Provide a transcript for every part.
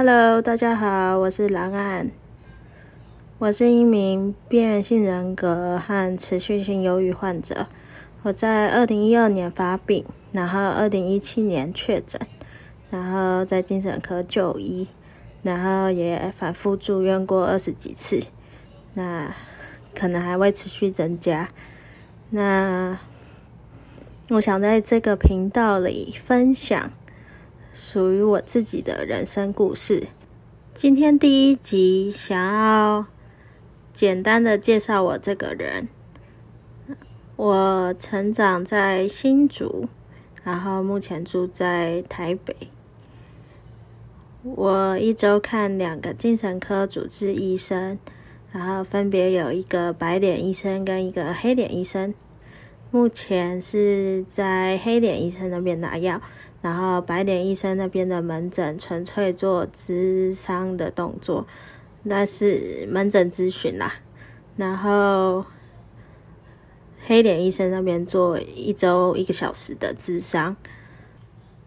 Hello，大家好，我是藍闇。我是一名邊緣性人格和持續性憂鬱患者。我在二零一二年發病，然後二零一七年確診，然後在精神科就醫，然後也反覆住院過二十幾次，那可能還會持續增加。那我想在這個頻道裡分享。屬於我自己的人生故事。今天第一集，想要簡單的介紹我這個人。我成長在新竹，然後目前住在台北。我一周看兩個精神科主治醫生，然後分別有一個白臉醫生跟一個黑臉醫生。目前是在黑臉醫生那邊拿藥。然後白臉醫生那邊的門診純粹做諮商的動作，那是門診諮詢啦、啊。然後黑臉醫生那邊做一周一個小時的諮商。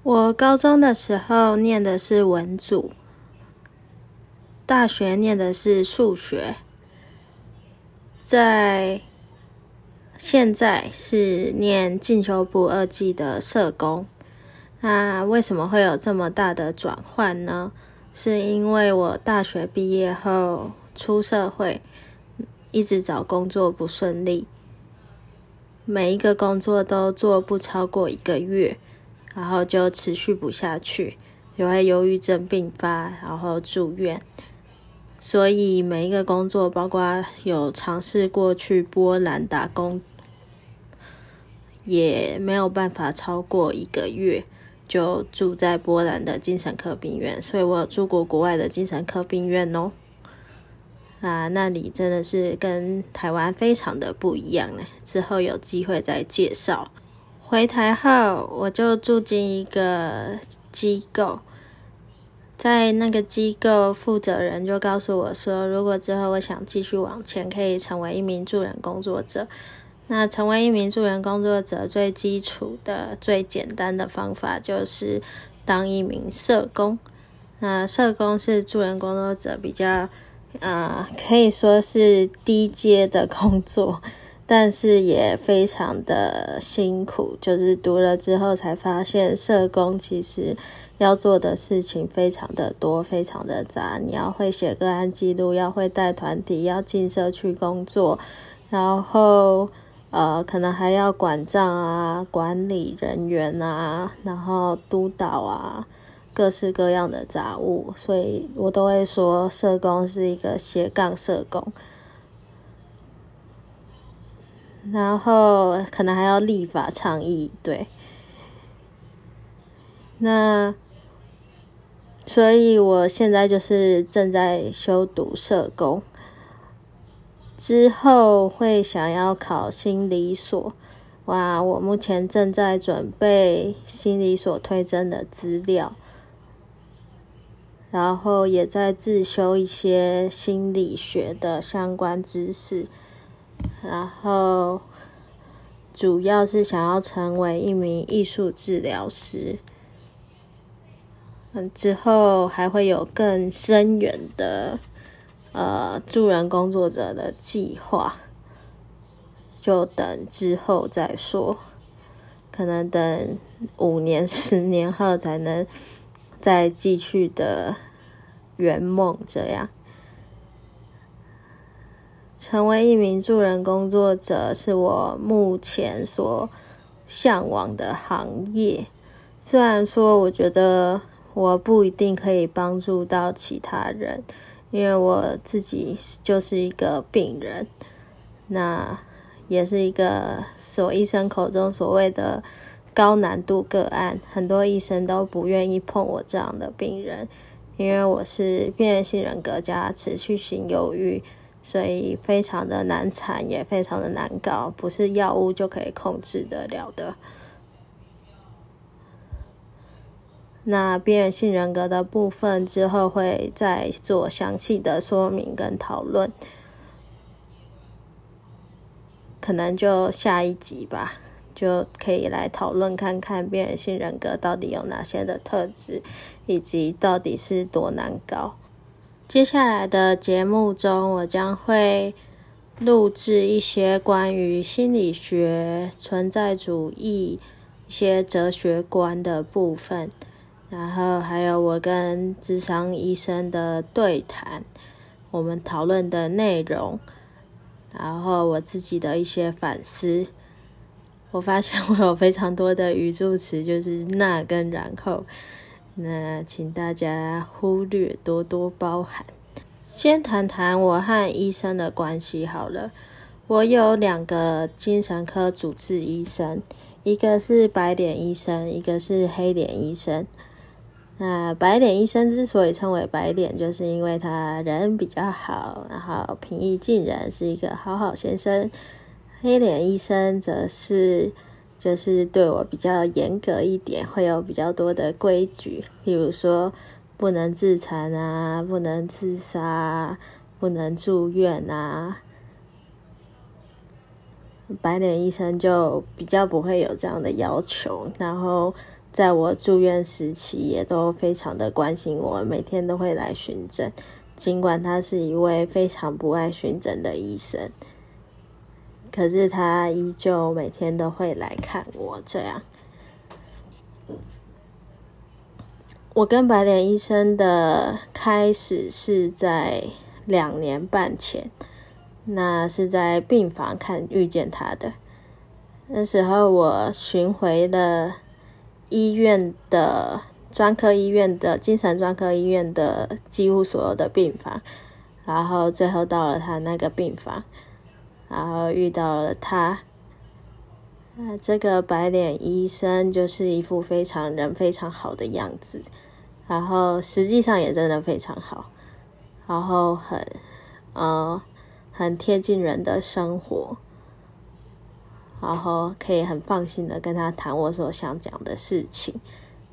我高中的時候念的是文組，大學念的是數學，在現在是念進修部二技的社工。那為什麼會有這麼大的轉換呢？是因為我大學畢業後出社會，一直找工作不順利，每一個工作都做不超過一個月，然後就持續不下去，也會憂鬱症病發，然後住院，所以每一個工作，包括有嘗試過去波蘭打工，也沒有辦法超過一個月。就住在波蘭的精神科病院，所以我住過國外的精神科病院哦。啊，那裡真的是跟台灣非常的不一樣呢。之後有機會再介紹。回台後，我就住進一個機構，在那個機構負責人就告訴我說，如果之後我想繼續往前，可以成為一名助人工作者。那成為一名助人工作者最基礎的、最簡單的方法就是當一名社工。那社工是助人工作者比較啊、呃，可以說是低階的工作，但是也非常的辛苦。就是讀了之後才發現，社工其實要做的事情非常的多、非常的雜。你要會寫個案記錄，要會帶團體，要進社區工作，然後，呃，可能還要管賬啊，管理人員啊，然後督導啊，各式各樣的雜務，所以我都會說社工是一個斜槓社工。然後可能還要立法倡議，對。那，所以我現在就是正在修讀社工。之後會想要考心理所，哇！我目前正在準備心理所推甄的資料，然後也在自修一些心理學的相關知識，然後主要是想要成為一名藝術治療師，嗯，之後還會有更深遠的。呃，助人工作者的計劃就等之後再說，可能等五年、十年後才能再繼續的圓夢。這樣，成為一名助人工作者是我目前所嚮往的行業。雖然說，我覺得我不一定可以幫助到其他人。因為我自己就是一個病人，那也是一個所醫生口中所謂的高難度個案，很多醫生都不願意碰我這樣的病人，因為我是邊緣性人格加持續性憂鬱，所以非常的難纏，也非常的難搞，不是藥物就可以控制得了的。那邊緣性人格的部分，之後會再做詳細的說明跟討論，可能就下一集吧，就可以來討論看看邊緣性人格到底有哪些的特質，以及到底是多難搞？接下來的節目中，我將會錄製一些關於心理學、存在主義一些哲學觀的部分。然後還有我跟諮商醫生的對談，我們討論的內容，然後我自己的一些反思。我發現我有非常多的語助詞，就是那跟然後，那請大家忽略，多多包涵。先談談我和醫生的關係好了。我有兩個精神科主治醫生，一個是白臉醫生，一個是黑臉醫生。那白臉醫生之所以稱為白臉，就是因為他人比較好，然後平易近人，是一個好好先生。黑臉醫生則是就是對我比較嚴格一點，會有比較多的規矩，比如說不能自殘啊，不能自殺，不能住院啊。白臉醫生就比較不會有這樣的要求，然後。在我住院時期，也都非常的關心我，每天都會來巡診。儘管他是一位非常不愛巡診的醫生，可是他依舊每天都會來看我。這樣，我跟白臉醫生的開始是在兩年半前，那是在病房看遇見他的。那時候我巡迴了。醫院的專科醫院的精神專科醫院的幾乎所有的病房，然後最後到了他那個病房，然後遇到了他。這個白臉醫生就是一副非常人非常好的樣子，然後實際上也真的非常好，然後很嗯很貼近人的生活。然後可以很放心的跟他談我所想講的事情，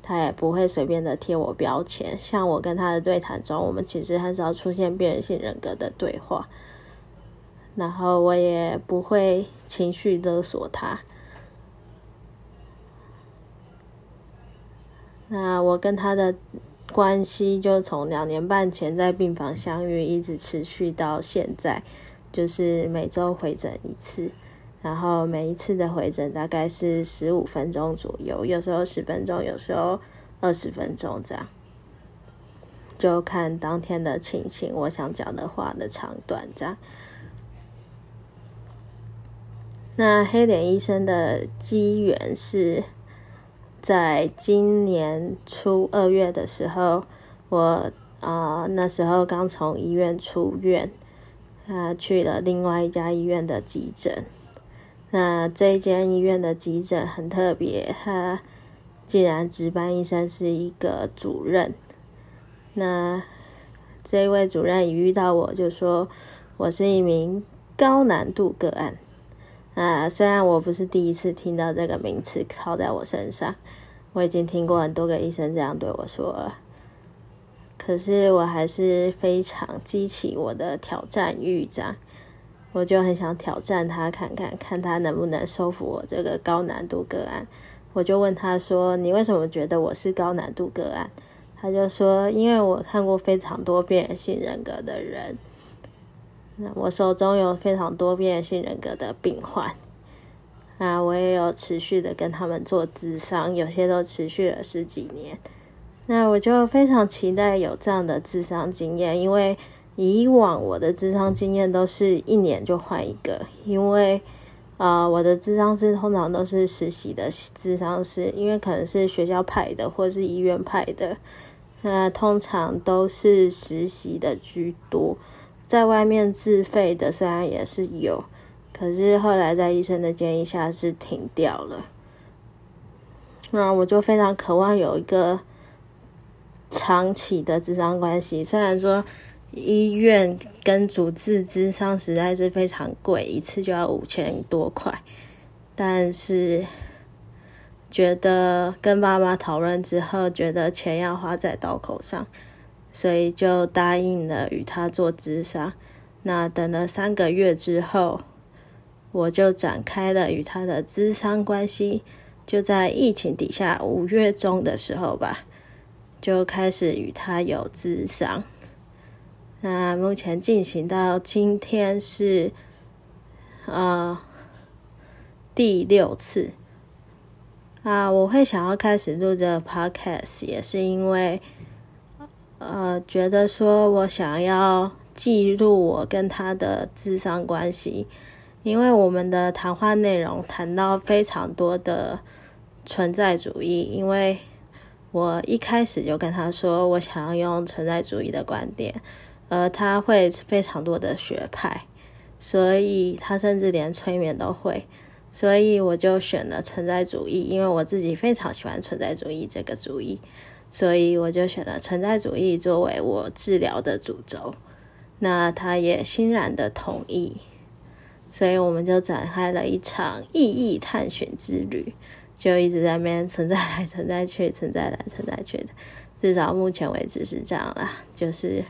他也不會隨便的貼我標籤。像我跟他的對談中，我們其實很少出現邊緣性人格的對話。然後我也不會情緒勒索他。那我跟他的關係就從兩年半前在病房相遇，一直持續到現在，就是每週回診一次。然後每一次的回診大概是十五分鐘左右，有時候十分鐘，有時候二十分鐘這樣，就看當天的情形，我想講的話的長短這樣。那黑臉醫生的機緣是在今年初二月的時候，我啊、呃、那時候剛從醫院出院，他、呃、去了另外一家醫院的急診。那這間醫院的急診很特別，他竟然值班醫生是一個主任。那這位主任一遇到我就說，我是一名高難度個案。啊，雖然我不是第一次聽到這個名詞套在我身上，我已經聽過很多個醫生這樣對我說了，可是我還是非常激起我的挑戰慾，這樣。我就很想挑戰他，看看看他能不能收服我這個高難度個案。我就問他說：“你為什麼覺得我是高難度個案？”他就說：“因為我看過非常多邊緣性人格的人，那我手中有非常多邊緣性人格的病患，啊，我也有持續的跟他們做諮商，有些都持續了十幾年。那我就非常期待有這樣的諮商經驗，因為。”以往我的諮商經驗都是一年就換一個，因為，呃，我的諮商師通常都是實習的諮商師，因為可能是學校派的，或是醫院派的，呃，通常都是實習的居多，在外面自費的雖然也是有，可是後來在醫生的建議下是停掉了。那，呃，我就非常渴望有一個長期的諮商關係，雖然說，醫院跟主治諮商實在是非常貴，一次就要五千多塊。但是覺得跟爸媽討論之後，覺得錢要花在刀口上，所以就答應了與他做諮商。那等了三個月之後，我就展開了與他的諮商關係。就在疫情底下五月中的時候吧，就開始與他有諮商。那目前進行到今天是，呃，第六次啊、呃。我會想要開始錄這個 podcast，也是因為，呃，覺得說我想要記錄我跟他的諮商關係，因為我們的談話內容談到非常多的存在主義，因為我一開始就跟他說，我想要用存在主義的觀點。呃，而他會非常多的學派，所以他甚至連催眠都會，所以我就選了存在主義，因為我自己非常喜歡存在主義這個主義，所以我就選了存在主義作為我治療的主軸。那他也欣然的同意，所以我們就展開了一場意義探尋之旅，就一直在那邊存在來、存在去、存在來、存在去的，至少目前為止是這樣啦，就是。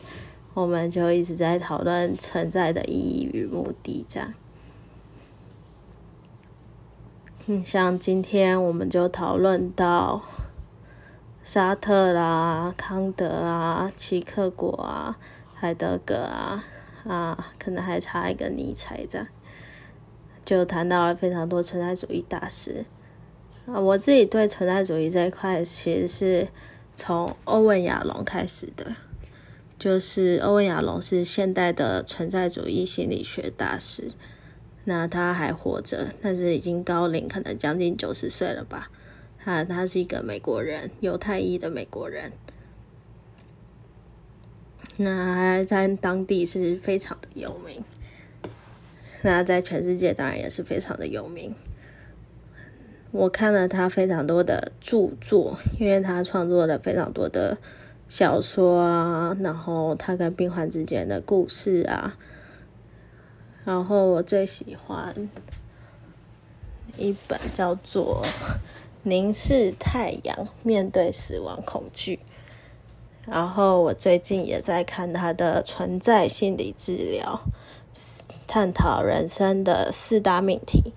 我們就一直在討論存在的意義與目的，這樣、嗯。像今天我們就討論到沙特啦、康德啊、齊克果啊、海德格啊，啊，可能還差一個尼采，這樣就談到了非常多存在主義大師。啊，我自己對存在主義這一塊其實是從歐文亞隆開始的。就是歐文·亞龍是現代的存在主義心理學大師，那他還活着，但是已經高齡，可能將近九十歲了吧。他他是一個美國人，猶太裔的美國人。那他在當地是非常的有名，那在全世界當然也是非常的有名。我看了他非常多的著作，因為他創作了非常多的。小說啊，然後他跟病患之間的故事啊，然後我最喜歡一本叫做《凝視太陽，面對死亡恐懼》。然後我最近也在看他的存在心理治療，探討人生的四大命題，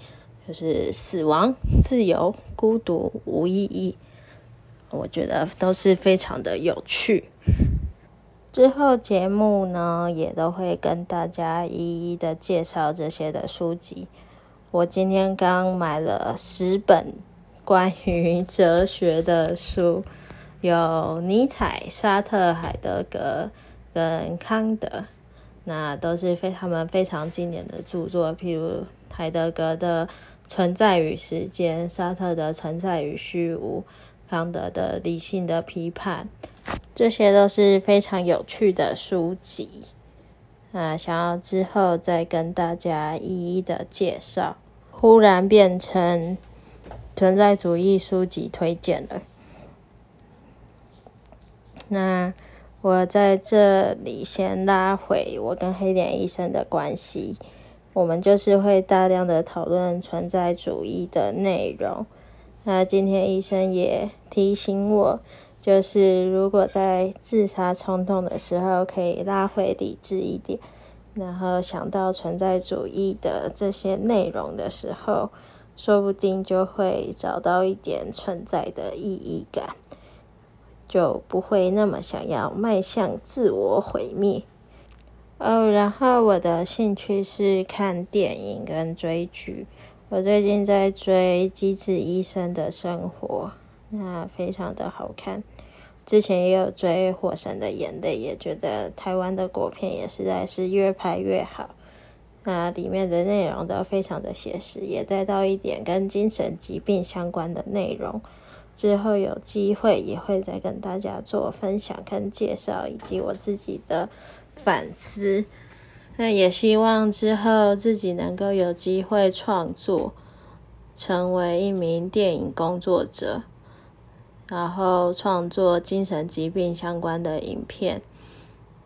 就是死亡、自由、孤獨、無意義。我覺得都是非常的有趣。之後節目呢，也都會跟大家一一的介紹這些的書籍。我今天剛買了十本關於哲學的書，有尼采、沙特、海德格跟康德，那都是非他們非常經典的著作，譬如海德格的《存在與時間》，沙特的《存在與虛無》。康德的理性的批判，這些都是非常有趣的書籍。啊、呃，想要之後再跟大家一一的介紹。忽然變成存在主義書籍推薦了。那我在這裡先拉回我跟黑臉醫生的關係，我們就是會大量的討論存在主義的內容。那今天醫生也提醒我，就是如果在自殺衝動的時候，可以拉回理智一點，然後想到存在主義的這些內容的時候，說不定就會找到一點存在的意義感，就不會那麼想要邁向自我毀滅。哦，然後我的興趣是看電影跟追劇。我最近在追《機智醫生的生活》，那非常的好看。之前也有追《火神的眼淚》，也覺得台灣的國片也實在是越拍越好。那裡面的內容都非常的寫實，也帶到一點跟精神疾病相關的內容。之後有機會也會再跟大家做分享跟介紹，以及我自己的反思。那也希望之後自己能夠有機會創作，成為一名電影工作者，然後創作精神疾病相關的影片，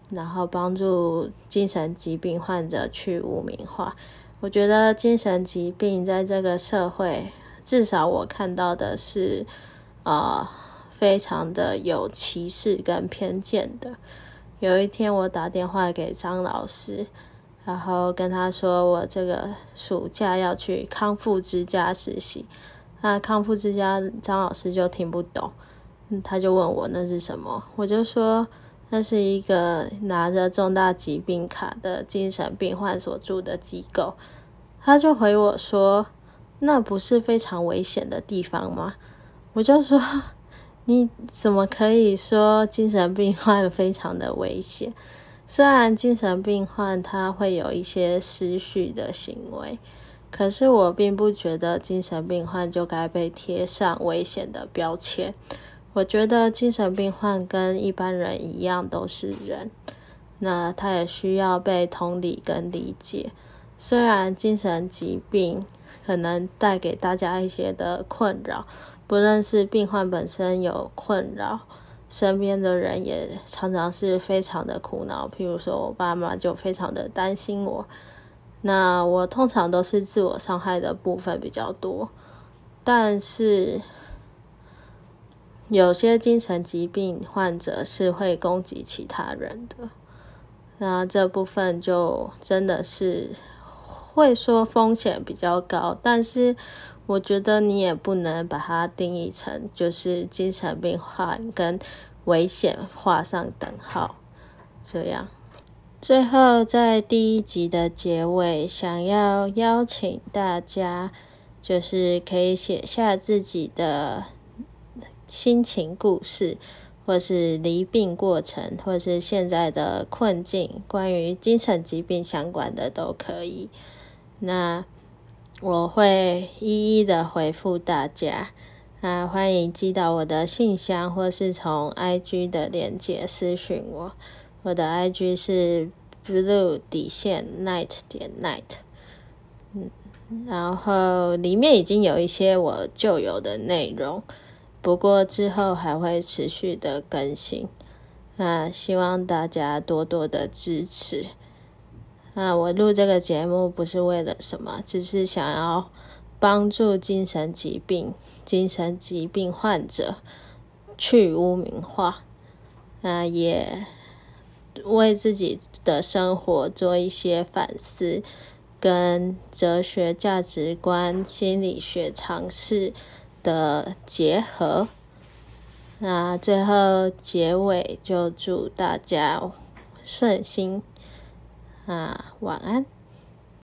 然後幫助精神疾病患者去污名化。我覺得精神疾病在這個社會，至少我看到的是，呃，非常的有歧視跟偏見的。有一天，我打電話給張老師，然後跟他說我這個暑假要去康復之家實習。那康復之家，張老師就聽不懂，嗯，他就問我那是什麼？我就說那是一個拿着重大疾病卡的精神病患所住的機構。他就回我說，那不是非常危險的地方嗎？我就說。你怎麼可以說精神病患非常的危險？雖然精神病患他會有一些失序的行為，可是我並不覺得精神病患就該被貼上危險的標籤。我覺得精神病患跟一般人一樣都是人，那他也需要被同理跟理解。雖然精神疾病可能帶給大家一些的困擾。不論是病患本身有困擾，身邊的人也常常是非常的苦惱。譬如說我爸媽就非常的擔心我。那我通常都是自我傷害的部分比較多，但是有些精神疾病患者是會攻擊其他人的。那這部分就真的是。會說風險比較高，但是我覺得你也不能把它定義成就是精神病患跟危險畫上等號。這樣，最後在第一集的結尾，想要邀請大家，就是可以寫下自己的心情故事，或是罹病過程，或是現在的困境，關於精神疾病相關的都可以。那我會一一的回覆大家，啊，歡迎寄到我的信箱，或是從 IG 的連結私訊我。我的 IG 是 blue 底線 night 點 night，嗯，然後裡面已經有一些我舊有的內容，不過之後還會持續的更新，啊，希望大家多多的支持。啊，那我錄這個節目不是為了什麼，只是想要幫助精神疾病、精神疾病患者去污名化。啊，也為自己的生活做一些反思，跟哲學、價值觀、心理學嘗試的結合。那最後結尾，就祝大家順心。啊，晚安。